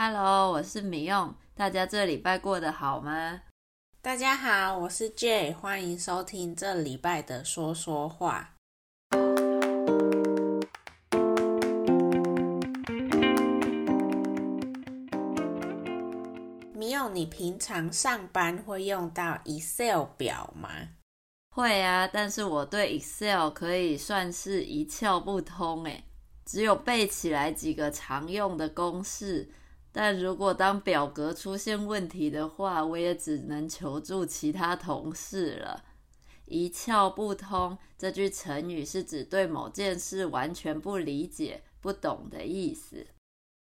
Hello，我是米用，大家這禮拜過得好嗎？大家好，我是 Jay，歡迎收聽這禮拜的說說話。米用， ion, 你平常上班會用到 Excel 表嗎？會啊，但是我對 Excel 可以算是一竅不通欸，只有背起來幾個常用的公式。但如果當表格出現問題的話，我也只能求助其他同事了。一竅不通，這句成語是指對某件事完全不理解、不懂的意思。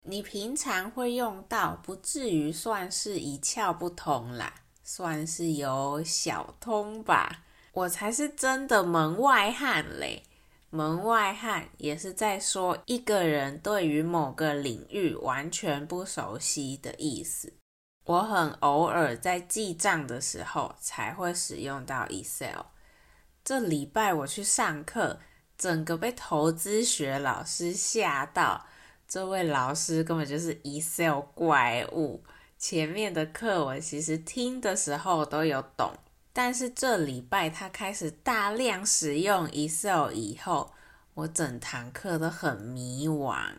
你平常會用到，不至於算是一竅不通啦，算是有小通吧。我才是真的門外漢嘞。門外漢也是在說一個人對於某個領域完全不熟悉的意思。我很偶爾在記賬的時候才會使用到 Excel。這禮拜我去上課，整個被投資學老師嚇到。這位老師根本就是 Excel 怪物。前面的課我其實聽的時候都有懂。但是這禮拜他開始大量使用 Excel 以後，我整堂課都很迷惘啊，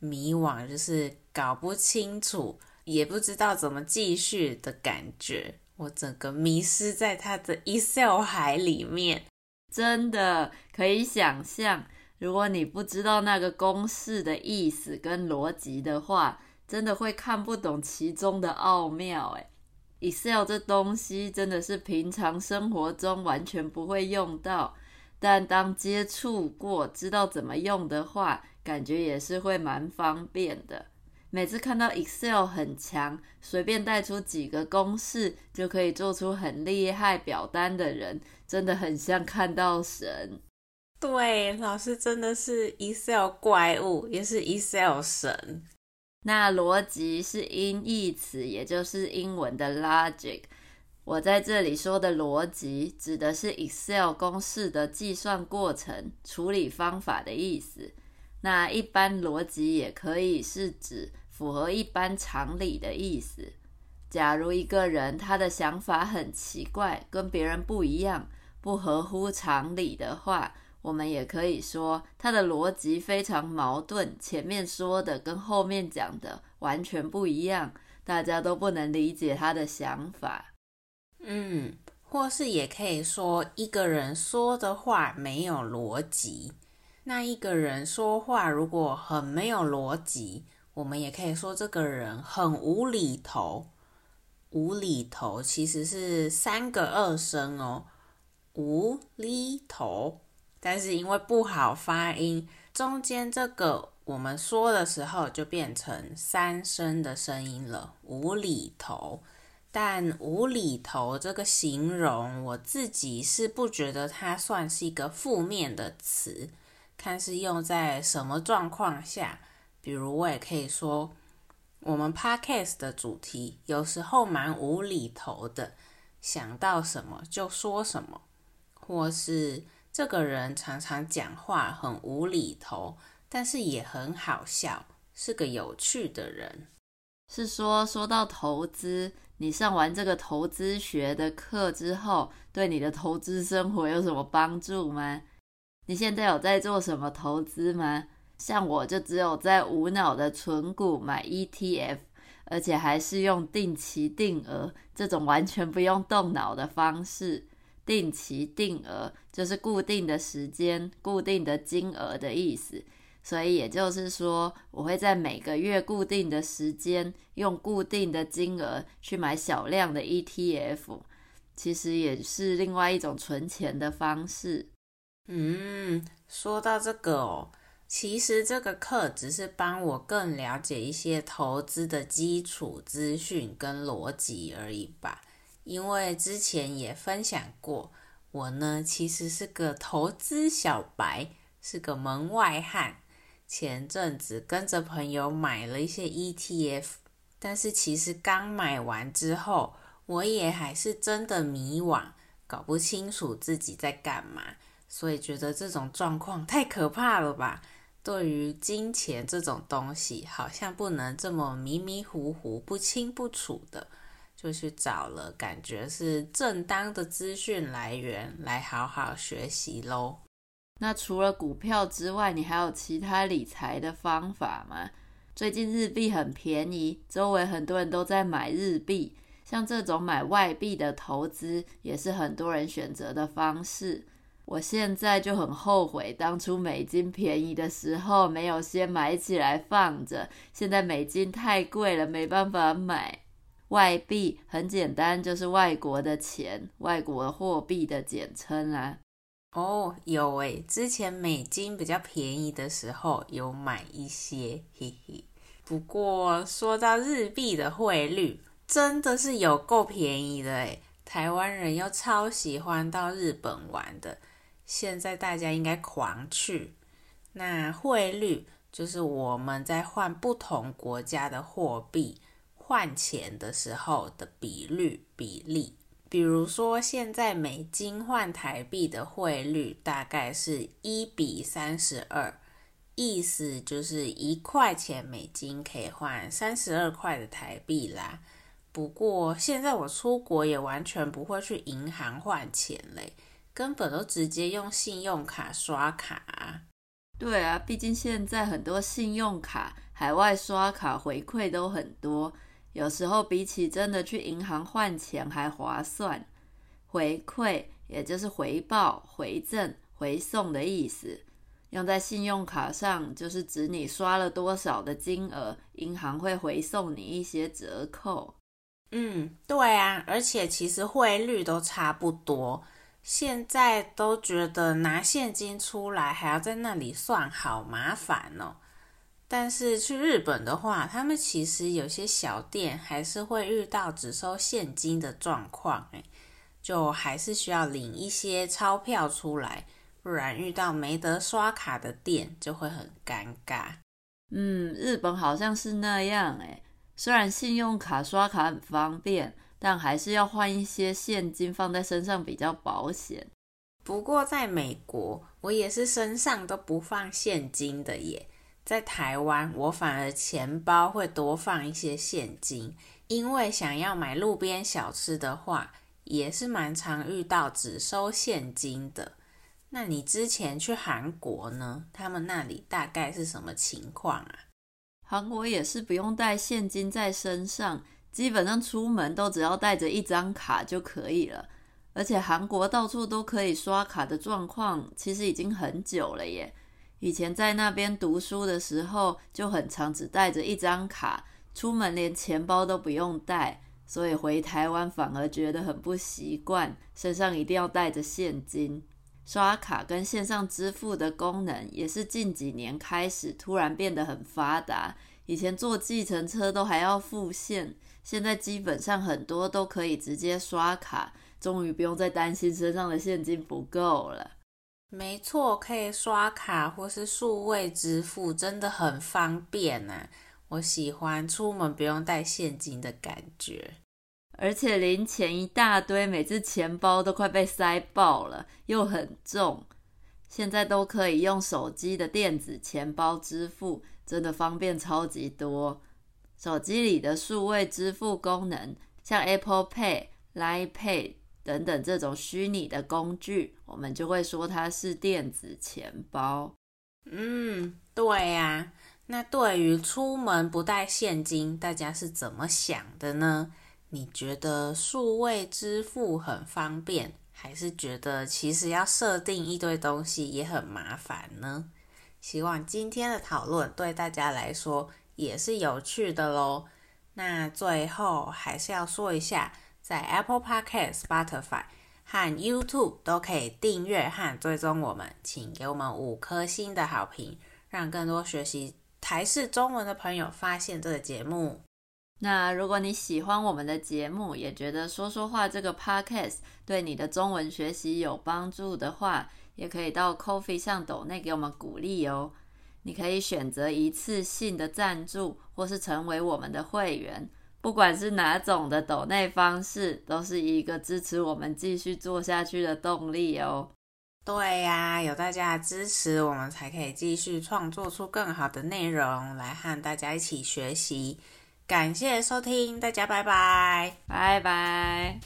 迷惘就是搞不清楚，也不知道怎麼繼續的感覺，我整個迷失在他的 Excel 海裡面，真的可以想象，如果你不知道那個公式的意思跟邏輯的話，真的會看不懂其中的奧妙哎、欸。Excel 這東西真的是平常生活中完全不會用到，但當接觸過、知道怎麼用的話，感覺也是會蠻方便的。每次看到 Excel 很強，隨便帶出幾個公式就可以做出很厲害表單的人，真的很像看到神。對，老師真的是 Excel 怪物，也是 Excel 神。那邏輯是音譯詞，也就是英文的 logic。我在這裡說的邏輯，指的是 Excel 公式的計算過程、處理方法的意思。那一般邏輯也可以是指符合一般常理的意思。假如一個人他的想法很奇怪，跟別人不一樣，不合乎常理的話。我們也可以說他的邏輯非常矛盾，前面說的跟後面講的完全不一樣，大家都不能理解他的想法。嗯，或是也可以說一個人說的話沒有邏輯。那一個人說話如果很沒有邏輯，我們也可以說這個人很無厘頭。無厘頭其實是三個二聲哦，無厘頭。但是因為不好發音，中間這個我們說的時候就變成三聲的聲音了，無厘頭。但無厘頭這個形容，我自己是不覺得它算是一個負面的詞，看是用在什麼狀況下。比如我也可以說，我們拍 c a s 的主題有時候蠻無厘頭的，想到什麼就說什麼，或是。這個人常常講話很無厘頭，但是也很好笑，是個有趣的人。是說，說到投資，你上完這個投資學的課之後，對你的投資生活有什麼幫助嗎？你現在有在做什麼投資嗎？像我就只有在無腦的存股買 ETF，而且還是用定期定額這種完全不用動腦的方式。定期定額就是固定的時間、固定的金額的意思，所以也就是說，我會在每個月固定的時間，用固定的金額去買小量的 ETF，其實也是另外一種存錢的方式。嗯，說到這個哦，其實這個課只是幫我更了解一些投資的基礎資訊跟邏輯而已吧。因為之前也分享過，我呢其實是個投資小白，是個門外漢。前陣子跟着朋友買了一些 ETF，但是其實剛買完之後，我也還是真的迷惘，搞不清楚自己在幹嘛。所以覺得這種狀況太可怕了吧？對於金錢這種東西，好像不能這麼迷迷糊糊、不清不楚的。就去找了，感覺是正當的資訊來源，來好好學習嘍。那除了股票之外，你還有其他理財的方法嗎？最近日幣很便宜，周圍很多人都在買日幣，像這種買外幣的投資也是很多人選擇的方式。我現在就很後悔，當初美金便宜的時候沒有先買起來放着，現在美金太貴了，沒辦法買。外幣很簡單，就是外國的錢，外國的貨幣的簡稱啊。哦，有耶，之前美金比較便宜的時候有買一些，嘿嘿。不過說到日幣的匯率，真的是有夠便宜的耶，台灣人又超喜歡到日本玩的，現在大家應該狂去。那匯率就是我們在換不同國家的貨幣換錢的時候的比率比例，比如說現在美金換台幣的匯率大概是一比三十二，意思就是一塊錢美金可以換三十二塊的台幣啦。不過現在我出國也完全不會去銀行換錢嘞，根本都直接用信用卡刷卡啊。對啊，畢竟現在很多信用卡海外刷卡回饋都很多。有時候比起真的去銀行換錢還划算。回饋也就是回報、回贈、回送的意思，用在信用卡上就是指你刷了多少的金額，銀行會回送你一些折扣。嗯，對啊，而且其實匯率都差不多，現在都覺得拿現金出來還要在那裡算，好麻煩哦。但是去日本的話，他們其實有些小店還是會遇到只收現金的狀況耶，就還是需要領一些鈔票出來，不然遇到沒得刷卡的店就會很尷尬。嗯，日本好像是那樣耶，雖然信用卡刷卡很方便，但還是要換一些現金放在身上比較保險。不過在美國，我也是身上都不放現金的耶。在台灣，我反而錢包會多放一些現金，因為想要買路邊小吃的話，也是蠻常遇到只收現金的。那你之前去韓國呢？他們那裡大概是什麼情況啊？韓國也是不用帶現金在身上，基本上出門都只要帶着一張卡就可以了。而且韓國到處都可以刷卡的狀況，其實已經很久了耶。以前在那邊讀書的時候就很常只帶着一張卡，出門連錢包都不用帶，所以回台灣反而覺得很不習慣，身上一定要帶着現金。刷卡跟線上支付的功能也是近幾年開始突然變得很發達，以前坐計程車都還要付現，現在基本上很多都可以直接刷卡，終於不用再擔心身上的現金不夠了。沒錯，可以刷卡或是數位支付，真的很方便呢、啊。我喜歡出門不用帶現金的感覺，而且零錢一大堆，每次錢包都快被塞爆了，又很重。現在都可以用手機的電子錢包支付，真的方便超級多。手機裡的數位支付功能，像 Apple Pay、Line Pay。等等，這種虛擬的工具，我們就會說它是電子錢包。嗯，對呀、啊。那對於出門不帶現金，大家是怎麼想的呢？你覺得數位支付很方便，還是覺得其實要設定一堆東西也很麻煩呢？希望今天的討論對大家來說也是有趣的嘍。那最後還是要說一下。在 Apple Podcast、Spotify 和 YouTube 都可以訂閱和追蹤我們，請給我們五顆星的好評，讓更多學習台式中文的朋友發現這個節目。那如果你喜歡我們的節目，也覺得說說話這個 Podcast 對你的中文學習有幫助的話，也可以到 Ko-fi 上抖內給我們鼓勵哦。你可以選擇一次性的贊助，或是成為我們的會員。不管是哪種的抖內方式，都是一個支持我們繼續做下去的動力哦。對呀，啊，有大家的支持，我們才可以繼續創作出更好的內容來和大家一起學習。感謝收聽，大家拜拜，拜拜。